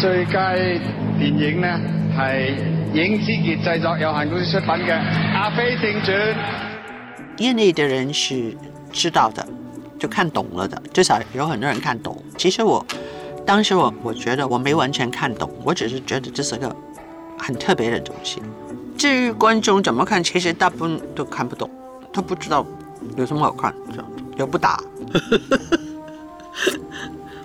最佳電影呢，係影之傑製作有限公司出品嘅《阿飛正傳》。業內的人是知道的，就看懂了的，至少有很多人看懂。其實我當時我我覺得我沒完全看懂，我只是覺得這是一個很特別的東西。至於觀眾怎麼看，其實大部分都看不懂，都不知道有什麼好看，有不打。